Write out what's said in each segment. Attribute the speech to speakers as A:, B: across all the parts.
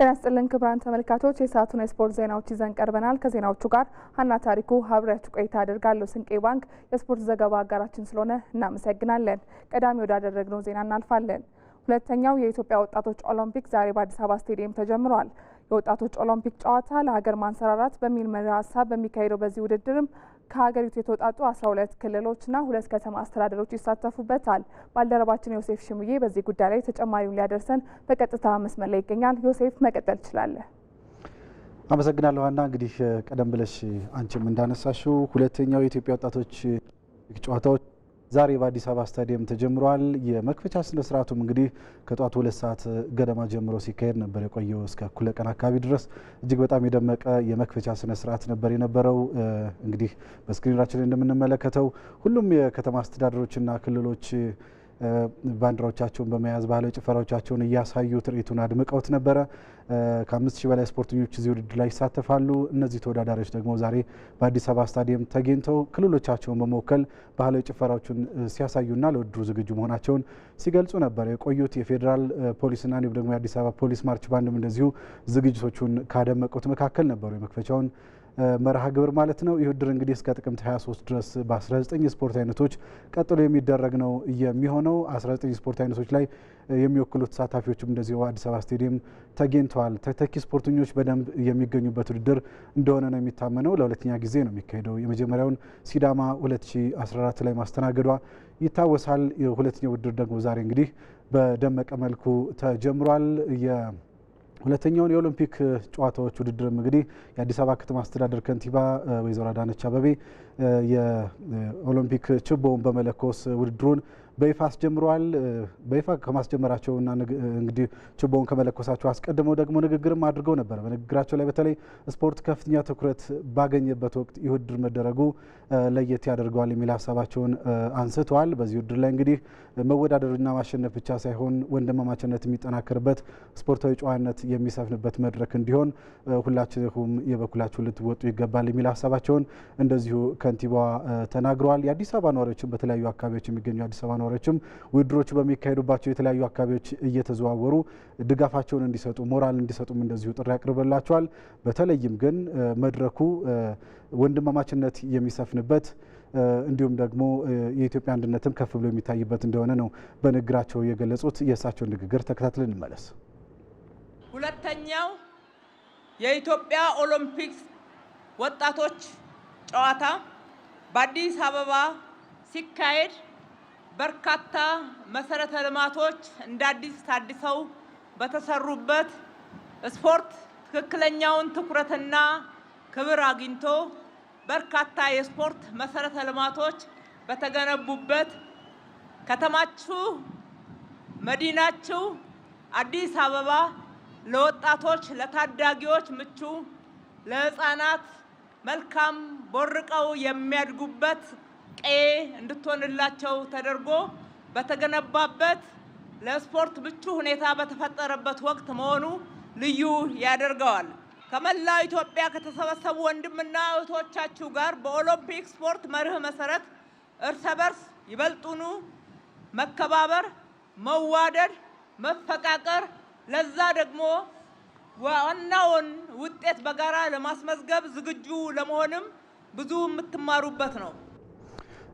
A: ጤና ይስጥልን ክቡራን ተመልካቾች፣ የሰዓቱን የስፖርት ዜናዎች ይዘን ቀርበናል። ከዜናዎቹ ጋር ሀና ታሪኩ አብሬያችሁ ቆይታ አደርጋለሁ። ስንቄ ባንክ የስፖርት ዘገባ አጋራችን ስለሆነ እናመሰግናለን። ቀዳሚ ወዳደረግነው ዜና እናልፋለን። ሁለተኛው የኢትዮጵያ ወጣቶች ኦሎምፒክ ዛሬ በአዲስ አበባ ስቴዲየም ተጀምሯል። የወጣቶች ኦሎምፒክ ጨዋታ ለሀገር ማንሰራራት በሚል መሪ ሀሳብ በሚካሄደው በዚህ ውድድርም ከሀገሪቱ የተወጣጡ አስራ ሁለት ክልሎችና ሁለት ከተማ አስተዳደሮች ይሳተፉበታል። ባልደረባችን ዮሴፍ ሽሙዬ በዚህ ጉዳይ ላይ ተጨማሪውን ሊያደርሰን በቀጥታ መስመር ላይ ይገኛል። ዮሴፍ መቀጠል ትችላለህ።
B: አመሰግናለሁ ሀና። እንግዲህ ቀደም ብለሽ አንቺም እንዳነሳሽው ሁለተኛው የኢትዮጵያ ወጣቶች ጨዋታዎች ዛሬ በአዲስ አበባ ስታዲየም ተጀምሯል። የመክፈቻ ስነስርዓቱም እንግዲህ ከጠዋቱ ሁለት ሰዓት ገደማ ጀምሮ ሲካሄድ ነበር የቆየው እስከ እኩለ ቀን አካባቢ ድረስ እጅግ በጣም የደመቀ የመክፈቻ ስነስርዓት ነበር የነበረው። እንግዲህ በስክሪናችን እንደምንመለከተው ሁሉም የከተማ አስተዳደሮችና ክልሎች ባንዲራዎቻቸውን በመያዝ ባህላዊ ጭፈራዎቻቸውን እያሳዩ ትርኢቱን አድምቀውት ነበረ። ከአምስት ሺህ በላይ ስፖርተኞች እዚህ ውድድር ላይ ይሳተፋሉ። እነዚህ ተወዳዳሪዎች ደግሞ ዛሬ በአዲስ አበባ ስታዲየም ተገኝተው ክልሎቻቸውን በመወከል ባህላዊ ጭፈራዎቹን ሲያሳዩና ለውድድሩ ዝግጁ መሆናቸውን ሲገልጹ ነበር የቆዩት። የፌዴራል ፖሊስና እንዲሁም ደግሞ የአዲስ አበባ ፖሊስ ማርች ባንድም እንደዚሁ ዝግጅቶቹን ካደመቁት መካከል ነበሩ። የመክፈቻውን መርሃ ግብር ማለት ነው። ይህ ውድድር እንግዲህ እስከ ጥቅምት 23 ድረስ በ19 የስፖርት አይነቶች ቀጥሎ የሚደረግ ነው የሚሆነው። 19 የስፖርት አይነቶች ላይ የሚወክሉ ተሳታፊዎችም እንደዚሁ አዲስ አበባ ስቴዲየም ተገኝተዋል። ተተኪ ስፖርተኞች በደንብ የሚገኙበት ውድድር እንደሆነ ነው የሚታመነው። ለሁለተኛ ጊዜ ነው የሚካሄደው። የመጀመሪያውን ሲዳማ 2014 ላይ ማስተናገዷ ይታወሳል። ሁለተኛው ውድድር ደግሞ ዛሬ እንግዲህ በደመቀ መልኩ ተጀምሯል። ሁለተኛውን የኦሎምፒክ ጨዋታዎች ውድድርም እንግዲህ የአዲስ አበባ ከተማ አስተዳደር ከንቲባ ወይዘሮ አዳነች አበቤ የኦሎምፒክ ችቦውን በመለኮስ ውድድሩን በይፋ አስጀምረዋል። በይፋ ከማስጀመራቸውና እንግዲህ ችቦውን ከመለኮሳቸው አስቀድመው ደግሞ ንግግርም አድርገው ነበር። በንግግራቸው ላይ በተለይ ስፖርት ከፍተኛ ትኩረት ባገኘበት ወቅት ይህ ውድድር መደረጉ ለየት ያደርገዋል የሚል ሀሳባቸውን አንስተዋል። በዚህ ውድድር ላይ እንግዲህ መወዳደርና ማሸነፍ ብቻ ሳይሆን ወንድማማችነት የሚጠናከርበት ስፖርታዊ ጨዋነት የሚሰፍንበት መድረክ እንዲሆን ሁላችሁም የበኩላችሁ ልትወጡ ይገባል የሚል ሀሳባቸውን እንደዚሁ ከንቲባዋ ተናግረዋል። የአዲስ አበባ ነዋሪዎችን በተለያዩ አካባቢዎች የሚገኙ አዲስ አበባ አስተባባሪዎችም ውድድሮቹ በሚካሄዱባቸው የተለያዩ አካባቢዎች እየተዘዋወሩ ድጋፋቸውን እንዲሰጡ ሞራል እንዲሰጡም እንደዚሁ ጥሪ ያቅርብላቸዋል። በተለይም ግን መድረኩ ወንድማማችነት የሚሰፍንበት እንዲሁም ደግሞ የኢትዮጵያ አንድነትም ከፍ ብሎ የሚታይበት እንደሆነ ነው በንግግራቸው የገለጹት። የእሳቸውን ንግግር ተከታትለን እንመለስ።
C: ሁለተኛው የኢትዮጵያ ኦሎምፒክስ ወጣቶች ጨዋታ በአዲስ አበባ ሲካሄድ በርካታ መሰረተ ልማቶች እንደ አዲስ ታድሰው በተሰሩበት ስፖርት ትክክለኛውን ትኩረትና ክብር አግኝቶ በርካታ የስፖርት መሰረተ ልማቶች በተገነቡበት ከተማችሁ መዲናችሁ አዲስ አበባ ለወጣቶች፣ ለታዳጊዎች ምቹ፣ ለህፃናት መልካም ቦርቀው የሚያድጉበት ቀዬ እንድትሆንላቸው ተደርጎ በተገነባበት ለስፖርት ምቹ ሁኔታ በተፈጠረበት ወቅት መሆኑ ልዩ ያደርገዋል። ከመላው ኢትዮጵያ ከተሰበሰቡ ወንድምና እህቶቻችሁ ጋር በኦሎምፒክ ስፖርት መርህ መሰረት እርስ በርስ ይበልጡኑ መከባበር፣ መዋደድ፣ መፈቃቀር ለዛ ደግሞ ዋናውን ውጤት በጋራ ለማስመዝገብ ዝግጁ ለመሆንም ብዙ የምትማሩበት ነው።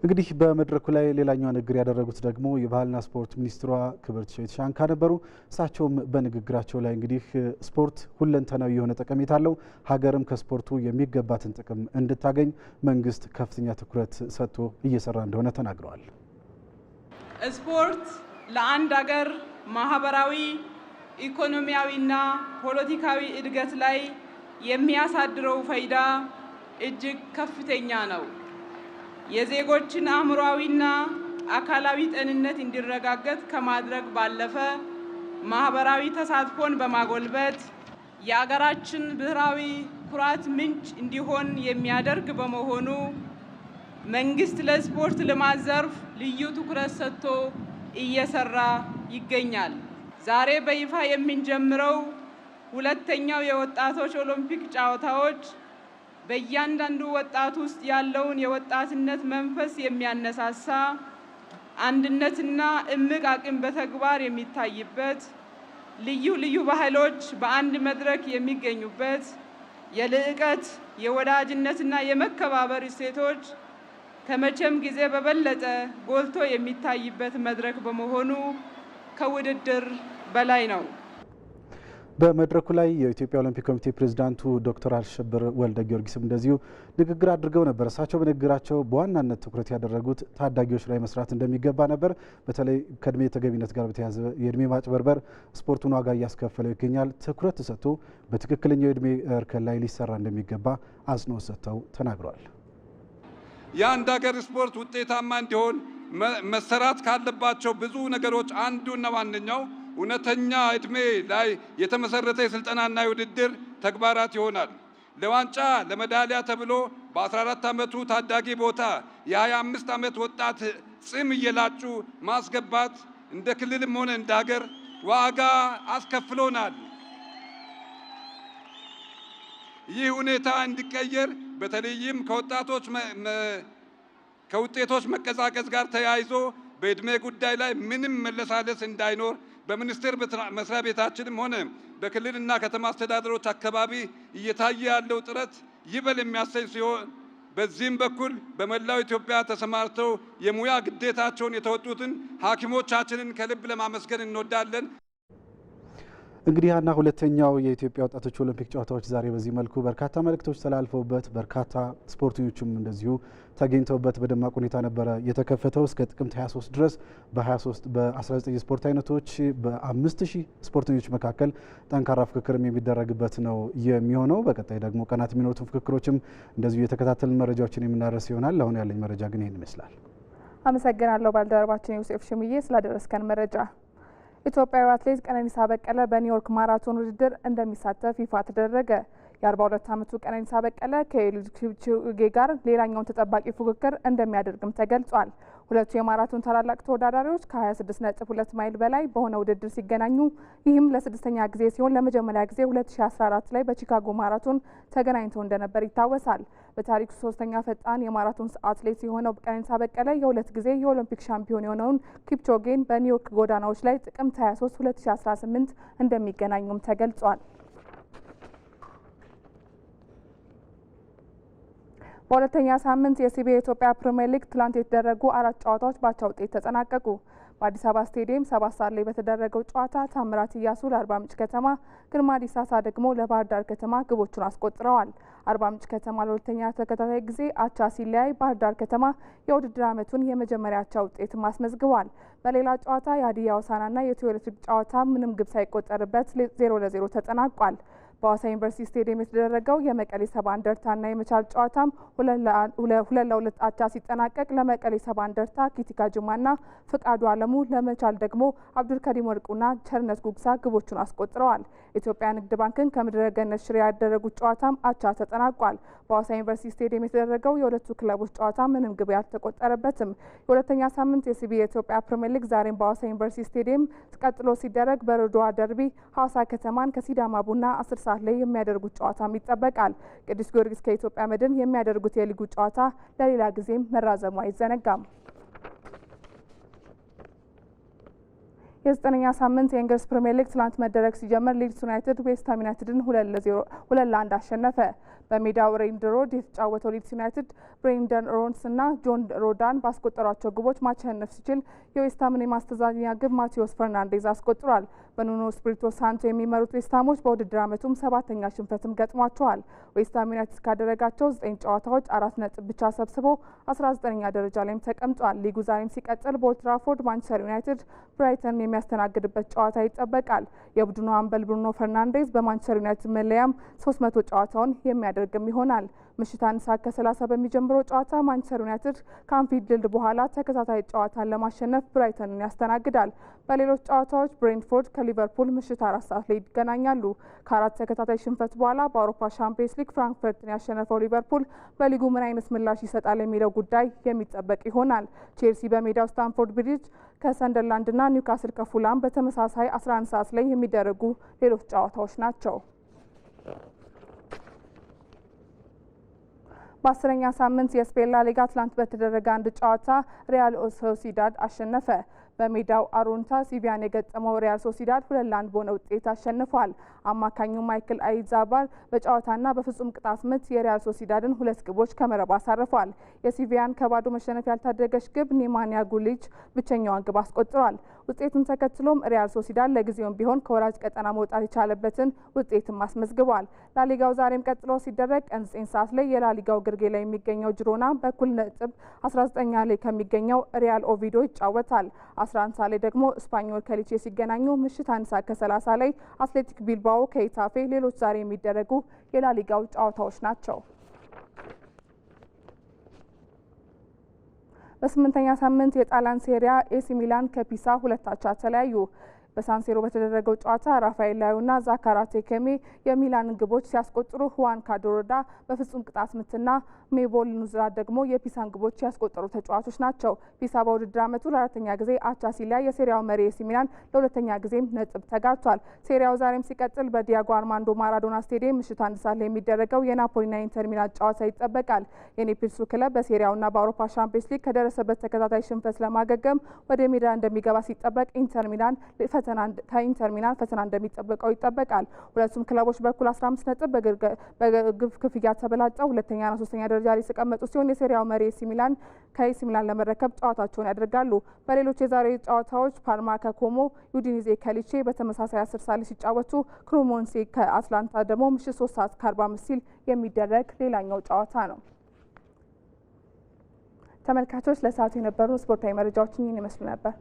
B: እንግዲህ በመድረኩ ላይ ሌላኛዋ ንግግር ያደረጉት ደግሞ የባህልና ስፖርት ሚኒስትሯ ክብርት ሸዊት ሻንካ ነበሩ። እሳቸውም በንግግራቸው ላይ እንግዲህ ስፖርት ሁለንተናዊ የሆነ ጠቀሜታ አለው፣ ሀገርም ከስፖርቱ የሚገባትን ጥቅም እንድታገኝ መንግስት ከፍተኛ ትኩረት ሰጥቶ እየሰራ እንደሆነ ተናግረዋል።
C: ስፖርት ለአንድ ሀገር ማህበራዊ ኢኮኖሚያዊና ፖለቲካዊ እድገት ላይ የሚያሳድረው ፋይዳ እጅግ ከፍተኛ ነው። የዜጎችን አእምሯዊና አካላዊ ጤንነት እንዲረጋገጥ ከማድረግ ባለፈ ማህበራዊ ተሳትፎን በማጎልበት የአገራችን ብሔራዊ ኩራት ምንጭ እንዲሆን የሚያደርግ በመሆኑ መንግስት ለስፖርት ልማት ዘርፍ ልዩ ትኩረት ሰጥቶ እየሰራ ይገኛል። ዛሬ በይፋ የምንጀምረው ሁለተኛው የወጣቶች ኦሎምፒክ ጨዋታዎች በእያንዳንዱ ወጣት ውስጥ ያለውን የወጣትነት መንፈስ የሚያነሳሳ አንድነትና እምቅ አቅም በተግባር የሚታይበት ልዩ ልዩ ባህሎች በአንድ መድረክ የሚገኙበት የልዕቀት የወዳጅነትና የመከባበር እሴቶች ከመቼም ጊዜ በበለጠ ጎልቶ የሚታይበት መድረክ በመሆኑ ከውድድር በላይ ነው።
B: በመድረኩ ላይ የኢትዮጵያ ኦሎምፒክ ኮሚቴ ፕሬዚዳንቱ ዶክተር አሸብር ወልደ ጊዮርጊስም እንደዚሁ ንግግር አድርገው ነበር። እሳቸው በንግግራቸው በዋናነት ትኩረት ያደረጉት ታዳጊዎች ላይ መስራት እንደሚገባ ነበር። በተለይ ከእድሜ ተገቢነት ጋር በተያያዘ የእድሜ ማጭበርበር ስፖርቱን ዋጋ እያስከፈለው ይገኛል። ትኩረት ተሰጥቶ በትክክለኛው የእድሜ እርከን ላይ ሊሰራ እንደሚገባ አጽንኦት ሰጥተው ተናግረዋል።
D: የአንድ ሀገር ስፖርት ውጤታማ እንዲሆን መሰራት ካለባቸው ብዙ ነገሮች አንዱና ዋነኛው እውነተኛ እድሜ ላይ የተመሰረተ የስልጠናና የውድድር ተግባራት ይሆናል። ለዋንጫ ለመዳሊያ ተብሎ በ14 ዓመቱ ታዳጊ ቦታ የ25 ዓመት ወጣት ጽም እየላጩ ማስገባት እንደ ክልልም ሆነ እንደ ሀገር ዋጋ አስከፍሎናል። ይህ ሁኔታ እንዲቀየር በተለይም ከወጣቶች ከውጤቶች መቀዛቀዝ ጋር ተያይዞ በእድሜ ጉዳይ ላይ ምንም መለሳለስ እንዳይኖር በሚኒስቴር መስሪያ ቤታችንም ሆነ በክልልና ከተማ አስተዳደሮች አካባቢ እየታየ ያለው ጥረት ይበል የሚያሰኝ ሲሆን በዚህም በኩል በመላው ኢትዮጵያ ተሰማርተው የሙያ ግዴታቸውን የተወጡትን ሐኪሞቻችንን ከልብ ለማመስገን እንወዳለን።
B: እንግዲህ ያና ሁለተኛው የኢትዮጵያ ወጣቶች ኦሎምፒክ ጨዋታዎች ዛሬ በዚህ መልኩ በርካታ መልእክቶች ተላልፈውበት በርካታ ስፖርተኞችም እንደዚሁ ተገኝተውበት በደማቅ ሁኔታ ነበረ የተከፈተው። እስከ ጥቅምት 23 ድረስ በ23 በ19 ስፖርት አይነቶች በ5000 ስፖርተኞች መካከል ጠንካራ ፍክክርም የሚደረግበት ነው የሚሆነው። በቀጣይ ደግሞ ቀናት የሚኖሩትን ፍክክሮችም እንደዚሁ የተከታተልን መረጃዎችን የምናደርስ ይሆናል። አሁን ያለኝ መረጃ ግን ይህን ይመስላል።
A: አመሰግናለሁ ባልደረባችን ዮሴፍ ሽምዬ ስላደረስከን መረጃ። ኢትዮጵያዊ አትሌት ቀነኒሳ በቀለ በኒውዮርክ ማራቶን ውድድር እንደሚሳተፍ ይፋ ተደረገ። የ42 ዓመቱ ቀነኒሳ በቀለ ኪፕቾጌ ጋር ሌላኛውን ተጠባቂ ፉክክር እንደሚያደርግም ተገልጿል። ሁለቱ የማራቶን ታላላቅ ተወዳዳሪዎች ከ26.2 ማይል በላይ በሆነ ውድድር ሲገናኙ ይህም ለስድስተኛ ጊዜ ሲሆን ለመጀመሪያ ጊዜ 2014 ላይ በቺካጎ ማራቶን ተገናኝተው እንደነበር ይታወሳል። በታሪክ ሶስተኛ ፈጣን የማራቶን አትሌት የሆነው ቀነኒሳ በቀለ የሁለት ጊዜ የኦሎምፒክ ሻምፒዮን የሆነውን ኪፕቾጌን በኒውዮርክ ጎዳናዎች ላይ ጥቅምት 23 2018 እንደሚገናኙም ተገልጿል። በሁለተኛ ሳምንት የሲቢ ኢትዮጵያ ፕሪምየር ሊግ ትላንት የተደረጉ አራት ጨዋታዎች በአቻ ውጤት ተጠናቀቁ። በአዲስ አበባ ስቴዲየም ሰባት ሰዓት ላይ በተደረገው ጨዋታ ታምራት እያሱ ለአርባ ምንጭ ከተማ፣ ግርማ ዲሳሳ ደግሞ ለባህር ዳር ከተማ ግቦቹን አስቆጥረዋል። አርባ ምንጭ ከተማ ለሁለተኛ ተከታታይ ጊዜ አቻ ሲለያይ፣ ባህር ዳር ከተማ የውድድር ዓመቱን የመጀመሪያ አቻ ውጤትም አስመዝግቧል። በሌላ ጨዋታ የሀዲያ ሆሳዕናና የኢትዮ ኤሌክትሪክ ጨዋታ ምንም ግብ ሳይቆጠርበት ዜሮ ለዜሮ ተጠናቋል። በአዋሳ ዩኒቨርሲቲ ስቴዲየም የተደረገው የመቀሌ ሰባ እንደርታና የመቻል ጨዋታም ሁለት ለሁለት አቻ ሲጠናቀቅ ለመቀሌ ሰባ እንደርታ ኪቲካ ጅማና ፍቃዱ አለሙ፣ ለመቻል ደግሞ አብዱልከሪም ወርቁና ቸርነት ጉግሳ ግቦቹን አስቆጥረዋል። ኢትዮጵያ ንግድ ባንክን ከምድረ ገነት ሽሬ ያደረጉት ጨዋታም አቻ ተጠናቋል። በአዋሳ ዩኒቨርሲቲ ስቴዲየም የተደረገው የሁለቱ ክለቦች ጨዋታ ምንም ግብ አልተቆጠረበትም። የሁለተኛ ሳምንት የሲቢ የኢትዮጵያ ፕሪምየር ሊግ ዛሬም በአዋሳ ዩኒቨርሲቲ ስቴዲየም ቀጥሎ ሲደረግ በሮዶዋ ደርቢ ሀዋሳ ከተማን ከሲዳማ ቡና አስር ሰዓት ሰዓት ላይ የሚያደርጉት ጨዋታም ይጠበቃል። ቅዱስ ጊዮርጊስ ከኢትዮጵያ መድን የሚያደርጉት የሊጉ ጨዋታ ለሌላ ጊዜም መራዘሙ አይዘነጋም። የዘጠነኛ ሳምንት የእንግሊዝ ፕሪምየር ሊግ ትናንት መደረግ ሲጀምር ሊድስ ዩናይትድ ዌስትሃም ዩናይትድን ሁለት ለአንድ አሸነፈ። በሜዳው ሬንድ ሮድ የተጫወተው ሊድስ ዩናይትድ ብሬንደን ሮንስ እና ጆን ሮዳን ባስቆጠሯቸው ግቦች ማሸነፍ ሲችል የዌስትሃምን የማስተዛኛ ግብ ማቴዎስ ፈርናንዴዝ አስቆጥሯል። በኑኖ ስፕሪቶ ሳንቶ የሚመሩት ዌስትሃሞች በውድድር ዓመቱም ሰባተኛ ሽንፈትም ገጥሟቸዋል። ዌስትሃም ዩናይትድ ካደረጋቸው ዘጠኝ ጨዋታዎች አራት ነጥብ ብቻ ሰብስቦ አስራ ዘጠነኛ ደረጃ ላይም ተቀምጧል። ሊጉ ዛሬም ሲቀጥል በኦልትራፎርድ ማንቸስተር ዩናይትድ ብራይተን የሚያስተናግድበት ጨዋታ ይጠበቃል። የቡድኑ አምበል ብሩኖ ፈርናንዴዝ በማንቸስተር ዩናይትድ መለያም 300 ጨዋታውን የሚያደርግም ይሆናል። ምሽት አንድ ሰዓት ከሰላሳ በሚጀምረው ጨዋታ ማንቸስተር ዩናይትድ ከአንፊልድ በኋላ ተከታታይ ጨዋታን ለማሸነፍ ብራይተንን ያስተናግዳል። በሌሎች ጨዋታዎች ብሬንትፎርድ ከሊቨርፑል ምሽት አራት ሰዓት ላይ ይገናኛሉ። ከአራት ተከታታይ ሽንፈት በኋላ በአውሮፓ ሻምፒየንስ ሊግ ፍራንክፈርትን ያሸነፈው ሊቨርፑል በሊጉ ምን አይነት ምላሽ ይሰጣል የሚለው ጉዳይ የሚጠበቅ ይሆናል። ቼልሲ በሜዳው ስታንፎርድ ብሪጅ ከሰንደርላንድና ኒውካስል ከፉላም በተመሳሳይ 11 ሰዓት ላይ የሚደረጉ ሌሎች ጨዋታዎች ናቸው። በአስረኛ ሳምንት የስፔን ላሊጋ ትላንት በተደረገ አንድ ጨዋታ ሪያል ሶሲዳድ አሸነፈ። በሜዳው አሮንታ ሲቪያን የገጠመው ሪያል ሶሲዳድ ሁለት ለአንድ በሆነ ውጤት አሸንፏል። አማካኙ ማይክል አይዛባል በጨዋታና በፍጹም ቅጣት ምት የሪያል ሶሲዳድን ሁለት ግቦች ከመረብ አሳርፏል። የሲቪያን ከባዶ መሸነፍ ያልታደገች ግብ ኒማንያ ጉሊች ብቸኛዋን ግብ አስቆጥሯል። ውጤቱን ተከትሎም ሪያል ሶሲዳድ ለጊዜውም ቢሆን ከወራጅ ቀጠና መውጣት የቻለበትን ውጤትም አስመዝግቧል። ላሊጋው ዛሬም ቀጥሎ ሲደረግ ቀን 9 ሰዓት ላይ የላሊጋው ግርጌ ላይ የሚገኘው ጅሮና በኩል ነጥብ 19ኛ ላይ ከሚገኘው ሪያል ኦቪዶ ይጫወታል። 11 ሰዓት ላይ ደግሞ ስፓኞል ከሊቼ ሲገናኙ ምሽት አንድ ሰዓት ከሰላሳ ላይ አትሌቲክ ቢልባኦ ከኢታፌ ሌሎች ዛሬ የሚደረጉ የላሊጋው ጨዋታዎች ናቸው። በስምንተኛ ሳምንት የጣሊያን ሴሪያ ኤሲ ሚላን ከፒሳ ሁለታቻ ተለያዩ። በሳንሴሮ በተደረገው ጨዋታ ራፋኤል ላዩና ዛካራ ከሜ የሚላንን ግቦች ሲያስቆጥሩ ሁዋን ካዶሮዳ በፍጹም ቅጣት ምትና ሜቦል ኑዝራ ደግሞ የፒሳን ግቦች ያስቆጠሩ ተጫዋቾች ናቸው። ፒሳ በውድድር ዓመቱ ለአራተኛ ጊዜ አቻ ሲለያይ የሴሪያው መሪ ኤሲ ሚላን ለሁለተኛ ጊዜም ነጥብ ተጋርቷል። ሴሪያው ዛሬም ሲቀጥል በዲያጎ አርማንዶ ማራዶና ስቴዲየም ምሽቱ አንድ ሰዓት ላይ የሚደረገው የናፖሊና ኢንተር ሚላን ጨዋታ ይጠበቃል። የኔፒልሱ ክለብ በሴሪያውና በአውሮፓ ሻምፒዮንስ ሊግ ከደረሰበት ተከታታይ ሽንፈት ለማገገም ወደ ሜዳ እንደሚገባ ሲጠበቅ ኢንተር ሚላን ፈተና ታይም ተርሚናል ፈተና እንደሚጠበቀው ይጠበቃል። ሁለቱም ክለቦች በኩል 15 ነጥብ በግብ ክፍያ ተበላጨው ሁለተኛና ሶስተኛ ደረጃ ላይ የተቀመጡ ሲሆን የሴሪያው መሪ ኤሲ ሚላን ከኤሲ ሚላን ለመረከብ ጨዋታቸውን ያደርጋሉ። በሌሎች የዛሬ ጨዋታዎች ፓርማ ከኮሞ፣ ዩዲኒዜ ከሊቼ በተመሳሳይ 10 ሰዓት ሲጫወቱ፣ ክሮሞንሴ ከአትላንታ ደግሞ ምሽት 3 ሰዓት ከአርባ አምስት ሲል የሚደረግ ሌላኛው ጨዋታ ነው። ተመልካቾች ለሰዓቱ የነበሩ ስፖርታዊ መረጃዎችን ይህን ይመስሉ ነበር።